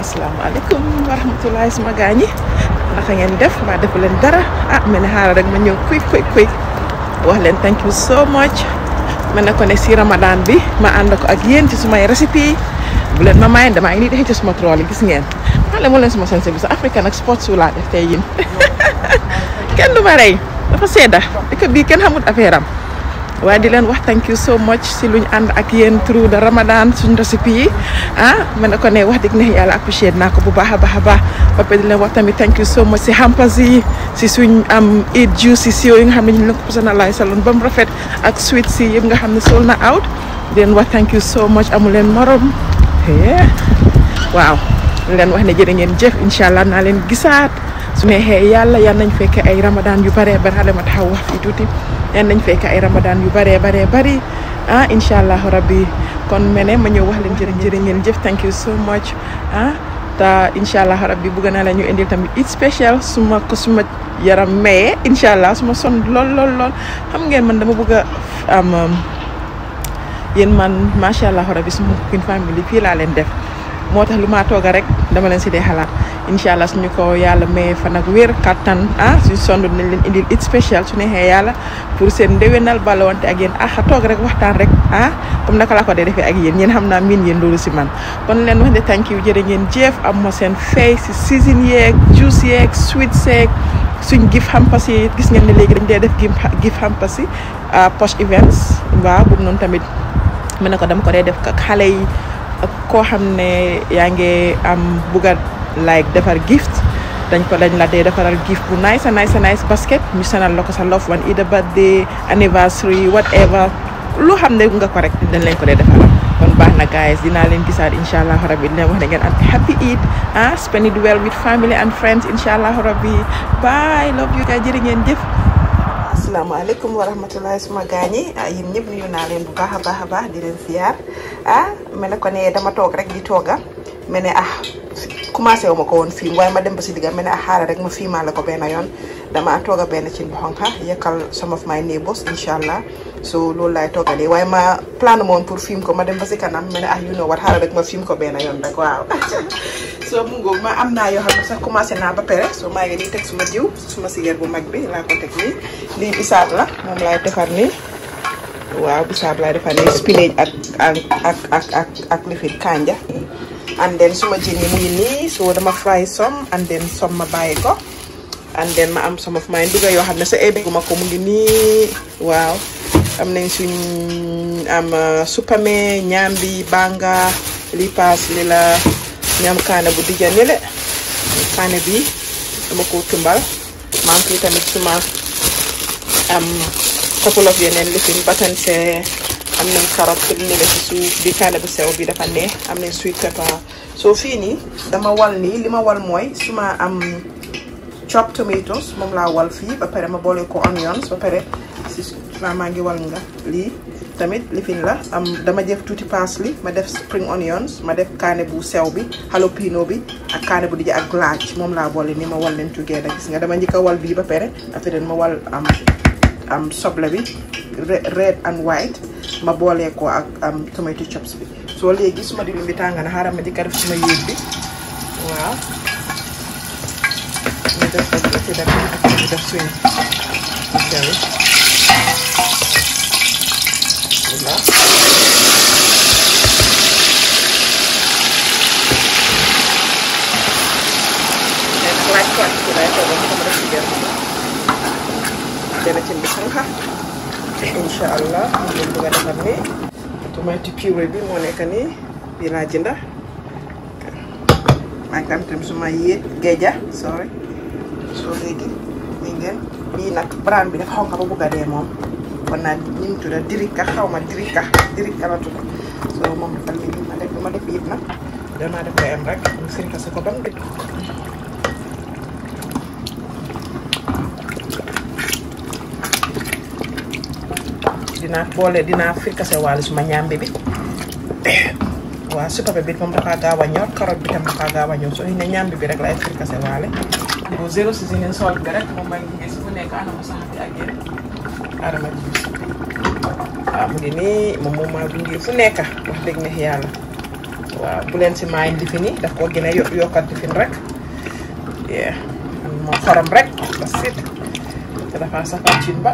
asalaamaaleykum wa rahmatulahi suma gaañi naka ngeen def mbaa defu leen dara ah ma ne rek ma ñëw quick quick quick wax leen thank you so much ma ne ko ne si ramadan bi ma ànd ko ak yéen ci sumay recipe yi bu leen ma mayen damaa ngi nii dexee ci suma tool yi gis ngeen maa leen mu leen suma sense bi sa africain nag sports wu laa def tey yéen kenn du ma rey dafa sedda di bii kenn xamul affaire am wa di len wax thank you so much si luñ and ak yeen trou de Ramadan suñ recipe yi ah mané ko né wax dik né yalla apprécié naa ko bu baax a baax ba pare di len wax tamit thank you so much si hampas yi si suñ am eat juice si yo nga xamni ñu leen ko personnalisé salon bam rafet ak sweet si yeb nga xamni solna out den leen wax thank you so much amulen morom yeah. wow len wax ne jere ngeen jëf inshallah allah len leen gisaat sunu he yalla yan nañ fekk ay ramadan yu bare bare hade hawa fi tuti yan nañ fekk ay ramadan yu bare bare bari ah inshallah rabbi kon mené ma ñew wax leen jëri ngeen jëf thank you so much ah ta inshallah rabbi bu gëna la ñu indi it special suma ko suma yaram maye inshallah suma son lol lol lol xam ngeen man dama bëgg am um, yeen man ma allah rabbi suma kin family fi la leen def motax luma toga rek dama leen ci dé incha allah suñu ko yàlla maye fan ak wér kattan ah suñu nañ leen indil it su neexee yàlla pour seen ndéwénal balawante ak yéen ah toog rek waxtaan rek ah comme naka laa ko dee yéen ñeen xam naa miin yéen loolu si man kon leen wax ne thank you jërë ngeen jëf am moo seen fay si season yeeg juice yeeg sweet seeg suñ gift hampers yi gis ngeen ne léegi dañ dee def xam hampers yi ah, post events waaw boobu noonu tamit mën na ko dama ko dee def ak xale yi koo xam ne yaa ngi am bugat like defar gift dañ ko lañ la day defaral gift bu nice and nice and nice basket ñu sanal la sa love one either birthday anniversary whatever lu xam nga ko rek dañ lañ ko day defal kon baax na guys dinalain leen gisaat inshallah rabbi dina wax ne ngeen am happy eid ah spend it well with family and friends inshallah rabbi bye love you guys jërë ngeen def assalamu alaikum warahmatullahi wabarakatuh. gañi ini ah, ñep nuyu na leen bu baaxa baaxa baax di leen siyar ah melako ne dama tok rek di toga mene ah commencé wu ma ko woon film waaye ma dem ba ci digga mel ne rek ma la ko ben yoon dama toog ben ci cin yekal some of my neighbors inshallah. so loolu laay toogalee way ma plan mon pour film ko ma dem ba ci kanam mel ah you know what hara rek ma film ko ben yoon rek waaw so mu ngoog ma amna yo xam sax commencé na ba pere so ma ngi ni tek suma diw suma cigare bu mag bi la ko tek ni li bisaab la mom lay defar ni waaw bisaab lay defar ni spinach ak ak ak ak ak ak lifit kanja and then suma jini yi ni so dama fry some and then some ma bàyyi ko and then ma am some of my nduga yoo xam sa ebeeguma ko mu ngi ni wow am nañ suñ am uh, supame nyambi banga lipas li la ñam kana bu ne le kana bi dama ko tumbal am ci tamit suma am couple of li lifin batante am na carotte bi kaane bu sew bi dafa neex am nañ sweet pepper soo fii nii dama wal nii li ma wal mooy su ma am chopped tomatoes moom laa wal fii ba pare ma boole ko onions ba pare maa ngi wal lii tamit lifin la am dama def tuuti parsley ma def spring onions ma def kaane bu sew bi jalapeno bi ak kaane bu dijja ak laaj moom laa boole ni ma wal leen together gis nga dama njëkk a wal bii ba pare affaire ma wal am am soble bi red and white ma bolé ko ak am tomato chops bi so légui suma di bi tanga na haram di ka suma yéeg bi waaw ni def ko da ko ak ñu def suñ sel Like, like, like, incha allah moom lañ bëgg a defar nii tomate purée bi moo nekk nii bi laa jënda maa ngi tam tam suma yéet géeja sorry soo léegi ñu ngeen bii nag brand bi dafa xaw nga ba bëgg dee moom kon naa ñu mu dirika xaw ma dirika dirika la tudd soo moom defal li ma def ma def yëpp def rek ñu sirka si dinaa boole dinaa di waale suma ñaambe bi eh, wa super bébé moom dafa ka a ñor karot bi tam dafa gaaw a ñor so ne ñaambe bi rek laay di walé bo zéro seasoning sol bi rek moom may gis bu nekk ma saxati ak yéen adama jibis waaw mu ngi ni moom mo ma gunge fu nekk wax dëgg neex yalla wa bu leen si maay ndifin yi daf koo gën a di ndifin rek yeah mo xaram rek ba sit te dafa safar cin ba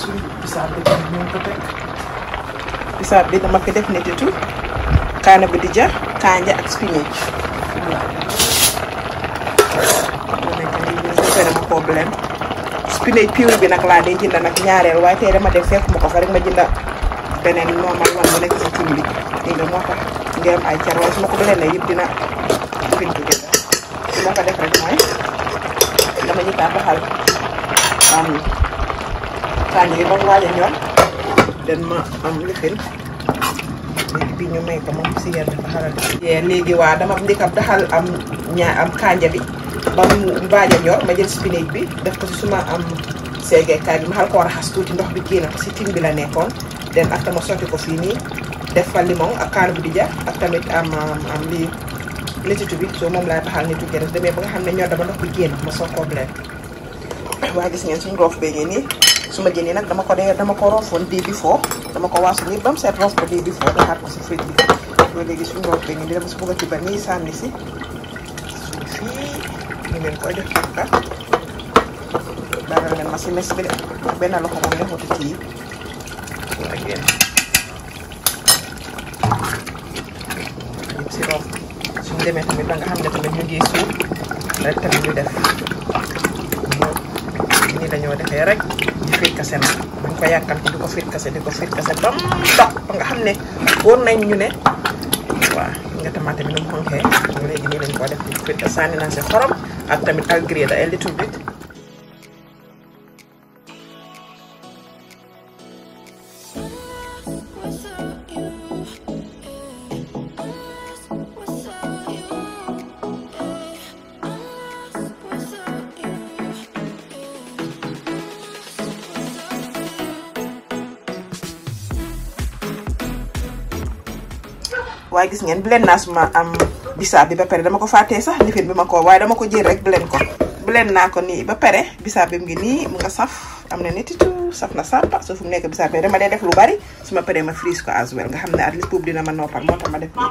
suñ bisaab bi tam ñu ko tek bisaab bi dama ko def neti tu kaana bu dija kanja ak spinach dama ko spinach pure bi nak la day jënd nak ñaarel way tay dama def fekk mako fa rek ma jënd benen normal man bu nek ci timbi nga ay ko dina fin ko def rek dama baxal am kaani yi ba mu waaj a ñor den ma am lifin léegi ñu may ko moom si léegi waa dama ndikam daxal am ñaa am bi ba mu waaj a ñor ma jël spinach bi def ko si suma am seegeekaay bi ma xal koo raxas tuuti ndox bi génn ko si tin bi la nekkoon den ak tama sotti ko fii nii def fa limon ak kaani bu dija ak tamit am am lii lititu bi soo moom laay baxal ni tuuti demee ba nga xam ne ñor dama ndox bi génn ma soog koo blend waa gis ngeen suñu roof bee nii suma ma nak dama ko dee dama ko rofoon day before dama ko waasu ni bam set seet rof ko day before defaat ko ci fridge bi loolu léegi suñu roofee ni dama su bëgg ci ba nii sànni ci fii ni leen ko def takka dara leen ma ci mess bi de benn mo moom neexutu ci again ci génn yëpp si roof suñu demee tamit da nga xam ne tamit ñu ngi suur rek tamit ñu def ñu dañoo defee rek firkase ka dañ ko yàkkamti di ko firkase di ko firkase ba mu dox ba nga xam ne wóor nañ ñu ne waaw nga tamaate bi nu mu xonqee léegi nii lañ ko def di firkase sànni nañ si xorom ak tamit al grillé da a little bit way gis ngeen blend na suma am bisab bi ba pare dama ko faté sax lifin bima ko way dama ko jël rek blend ko blend na ko ni ba pare bisab bi ngi ni mu nga saf amna netti tu saf na sàmpa so fu nek bisab bi dama lay def lu bari suma ma ma freeze ko as well nga xam at least boobu dina ma nopal moo tax ma def nii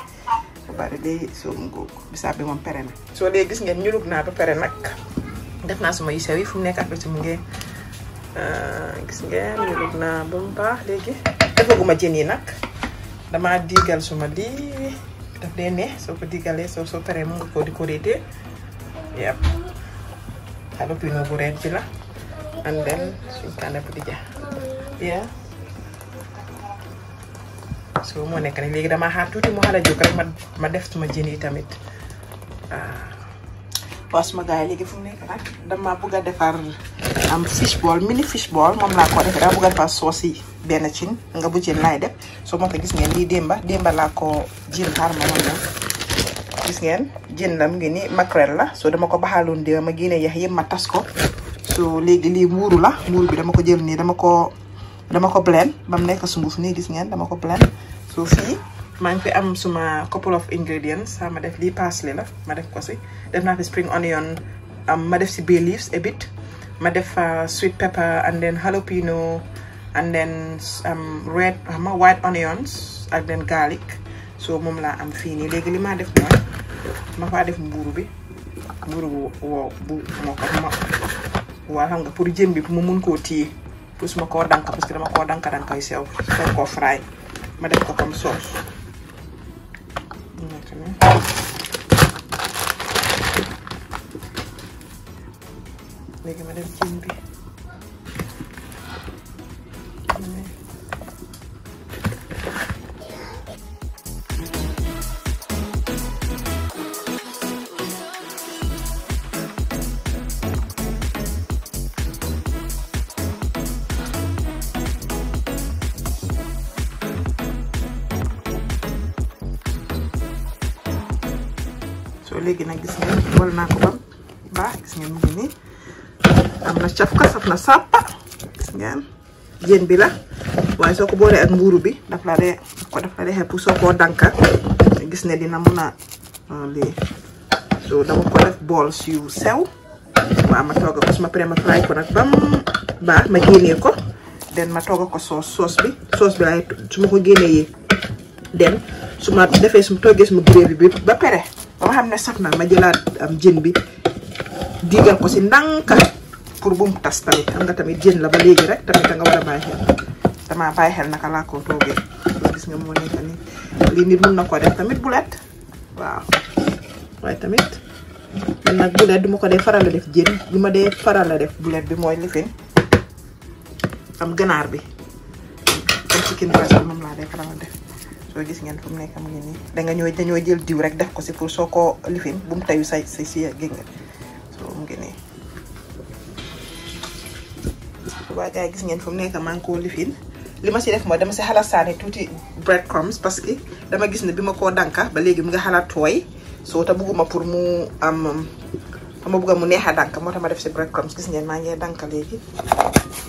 lu bari léegi so mu ngoog bisaab bi mom pare na so léegi gis ngeen ñulug na ba pare nak def na suma yu sew fu nek ak ci mu ngeen euh, gis ngeen ñulug naa ba mu baax léegi defaguma jën yi nag damaa diigal suma lii daf dee eh, neex soo ko diggalee eh, soo soo paree mu nga ko décorer yep jalapeno bu red bi la and then suñ kànda bu dija yeah so moo nekk mahal, léegi damaa xaar tuuti mu xala jóg rek ma ma def suma tamit waaw ah pas ma gars yi fu nek rek dama bëgg defar am fish ball mini fish ball mom la ko def da bëgg a defar soos yi benn nga bu cin lay def so mo ko gis ngeen li demba demba la ko jin xaar ma moom gis ngeen jën nam ngi ni makrel la so dama ko baxalon de ma gine yah yema tas ko so léegi li muru la muuru bi dama ko jël ni dama ko dama ko blend bam nek sunguf ni gis ngeen dama ko blend so fi maa ngi fi am suma couple of ingredients sa ma def li parsley la ma def ko si def na fi spring onion um, ma def si bay leaves a bit ma def uh, sweet pepper and then jalapeno and then um red xam white onions and then garlic so mom la am fi ni legui li ma def mo ma fa def mburu bi mburu wo wow bu moo ko ma wa xam nga pour jën bi mu mun koo téye pour suma ko danka parce que dama ko danka danka yu sew ko fry ma def ko comme sauce there. Make him a little léegi nak gis ngeen wol naa ko bam ba gis ngeen mu ni nii am na cafka saf na sàppa gis ngeen yeen bi la way soko ko ak mburu bi daf la dee ko daf la dee hepp soko danka gis ne dina mun a lii so dama ko def bool yu sew waaw ma toga ko sama prema fry ko nak bam ba ma gene ko den ma toga ko soos soos bi soos bi ay su ma ko génnee yi den suma defé defee toge ma suma gravy bi ba pere ba nga xam ma jëlat am jën bi digal ko ci ndank pour bu mu tas tamit xam nga tamit jën la ba léegi rek tamit nga wara baye xel dama baye xel naka la ko toge gis nga mo nekk ni li nit mun nako def tamit bulet waaw way tamit man nag bulet duma ko def faral def jën duma def faral a def bulet bi mooy lifin am ganar bi am chicken breast mom la def faral def ko gis ngeen fum mu nekk mu ngi ni da nga ñëw dañoo jël diw rek def ko si pour soko lifin bu mu tayu say say ci gis so mu ngi ni waa gaay gis ngeen fum nekk maa lifin li ma ci def mo dama ci xalaat saani tuuti bread crumbs parce que dama gis ni bima ko danka ba legi mu nga xalaat tooy soo te bugguma pour mu am dama buga mu neex dank mo tax ma def ci bread crumbs gis ngeen ma ngi danka legi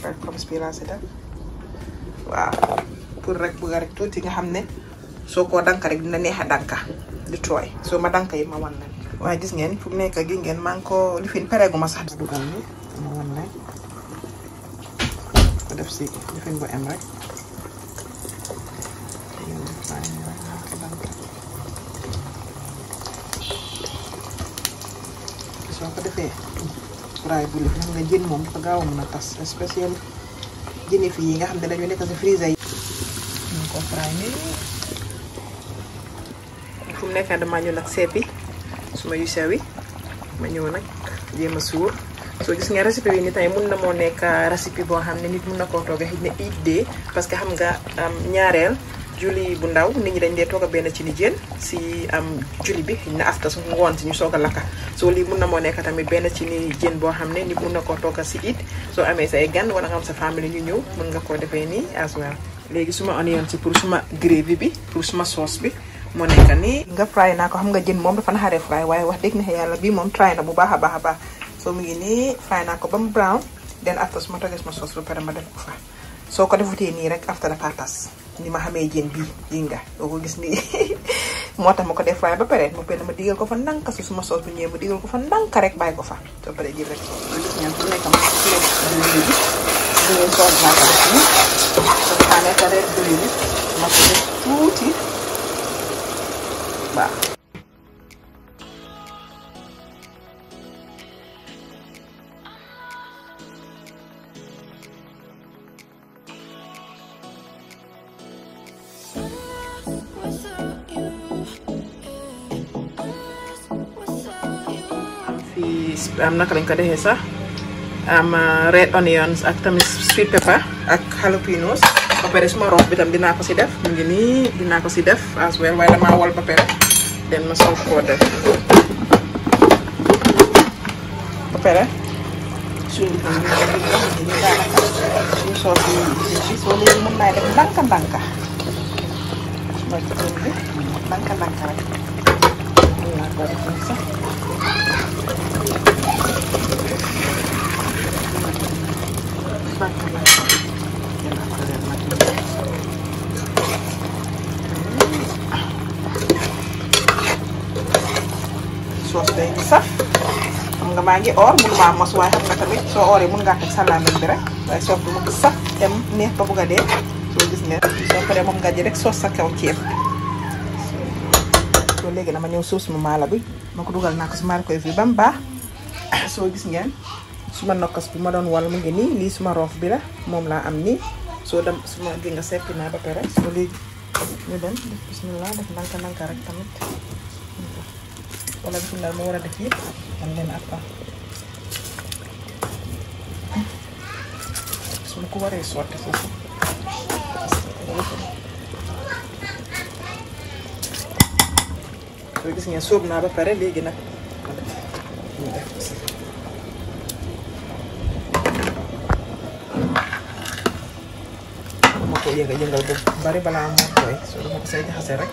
bread crumbs bi pour rek rek nga xamne soo ko danka rek dina neex danka di toy so ma danka yi ma wan la way gis ngeen fu nekk gi ngeen maa ngi ko lifin pereegu ma sax du dugal ni ma wan la ko def ci li fi bu em rek so ko defee fry bu li xam nga jën mom dafa gaaw mo na tass tas spécial jëni fi yi nga xam dañu nekk ci freezer yi ñu ko fry ni fum mu nekk dama ñu nak sépi suma yu sewi ma ñëw nak jema a suur soo gis nga recipe bi ni tay mën na mo nekk recipe bo xam nit mën na ko toga xëj ne idé parce que xam nga ñaarel julli bu ndaw nit ñi dañ dé toga ben ci nijeen si am julli bi na afta su ngon ci ñu soga laka so li mën na mo nekk tamit ben ci ni jën boo nit mën na ko toga si it so amé say gan wala nga am sa family ñu ñew mën nga ko défé ni as well léegi suma onion si pour suma gravy bi pour suma sauce bi mo nekk nii nga fry naa ko xam nga jën moom dafa naxare fry waaye wax dëgg neex yàlla bii moom try na bu baax a baax a baax so mu ngi nii fry naa ko ba mu brown then after su ma tojee suma sauce lu pare ma def ko fa soo ko defutee nii rek after dafa tas ni ma xamee jën bii yi nga doo ko gis nii moo tax ma ko def fry ba pare ma pare ma digal ko fa nanka su suma sauce bu ñëwee ma digal ko fa nanka rek bàyyi ko fa soo pare jël rek gis ngeen ku nekk ma diwlin ko def ma ko def tuuti biasa. am naka lañ ko defee red onions akta mis sweet pepper ak jalapenos ba pare suma roof bi tam ko si def ko si as well waaye damaa wol dem ma soog koo def ba pare suñu soo léegi mën naa def ndànka ndànka ma ci bi ndànka ndànka rek mën naa ko def sax soos day bi saf xam nga maa ngi or mënuma mos waaye xam nga tamit soo ooree mën ngaa teg sa làmmiñ bi rek nih soos bi mu ngi saf dem neex ba bugg a dee soo gis ne soo paree moom nga ji rek soos sa kaw ceeb soo léegi dama ñëw soos mu maala bi ma wal mu ngi nii lii suma roof bi la moom laa am nii soo dem suma gi nga seppi naa ba pare soo léegi ñu wala bisimilah mu war a def yëpp man ko waree sotti soo gis ngeen sóob naa ba pare léegi nag ñu def si ma ko ko say jaxase rek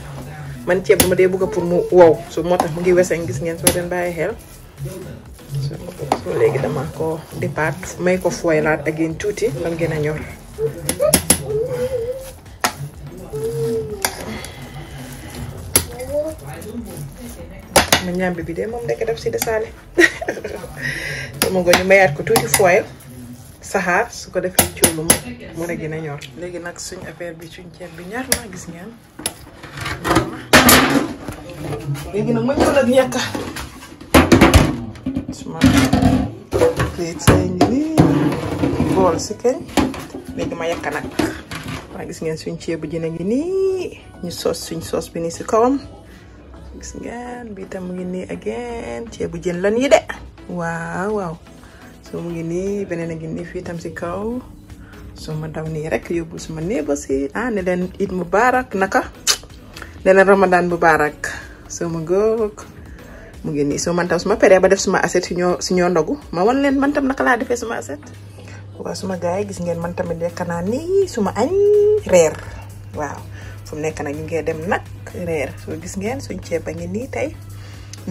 man ceeb dama dee bëgg pour mu wow su motax mu ngi ngi gis ngeen so den baye xel so léegi dama ko départ may ko fooylaat ak yéen tuuti bam gën ñor ma ñàmbi bi de moom ndekk daf si desaale sama ngo ñu mayaat ko foil saxaar su ko defee cuulu lagi mun a gën ñor affaire bi Hindi naman yung lagya ka. Plate sa inyo. Balls, okay? Medyo mayak ka na. Mga gis ngeen suñ ceebu ji na ngi nii ñu sos suñ sos bi nii si kawam gis ngeen bi tam mu again ceebu jën lan yi de Wow, waaw so mu ngi nii beneen a ngi si kaw so ma daw nii rek yóbbu suma néeba si ah ne leen it mubarak naka ne ramadan mubarak so ma ngoog mu ngi so man taw sama pere ba def sama asset ci ñoo ci ñoo ndogu ma won len man tam naka la defé sama asset wa sama gaay gis ngeen man tamit lekk naa ni suma añ rer waaw fu mu nekk ñu ngi dem nak rer so gis ngeen suñ ci ba ngi ni tay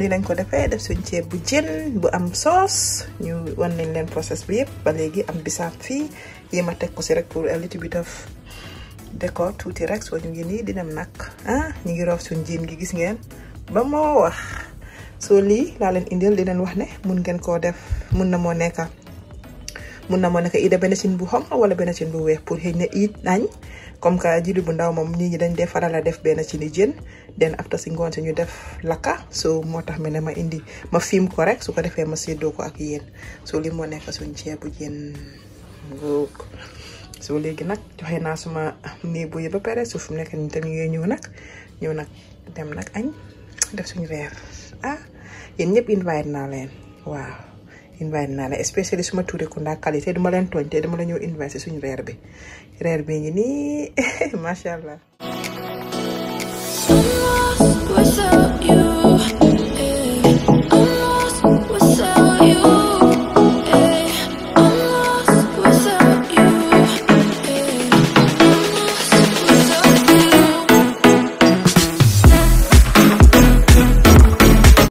ni lañ ko defé def suñ ci bu jën bu am sauce ñu won nañ len process bi yépp ba légui am bisap fi yéem a ko ci rek pour a little bit of décor tout rek so ñu ngi ni di dem nak ah ñi ngi roof suñ gi gis ngeen ba moo wax soo lii laa leen indil di leen wax ne mun ngeen koo def mun na moo nekka mun na moo nekk ida benn cin bu xonq wala benn cin bu weex pour xëy na it nañ comme que jili bu ndaw moom nit ñi dañ dee faral a def benn cin yi jën den afta si ngoon si ñu def lakka so moo tax mi ne ma indi ma fiim ko rek su ko defee ma séddoo ko ak yéen soo lii moo nekk suñ ceebu jën ngoog so léegi nag joxe naa suma nii bu yi ba pare su fi mu nekk nii tam ñu ngi ñëw nag ñëw nag dem nag añ def suñu reer ah yéen ñëpp invite naa leen waaw vain na leen especially suma tuure ku ndaa qualité duma len tooñ te dama la ñëw invite suñu reer bi reer bi ngi nii macha allah.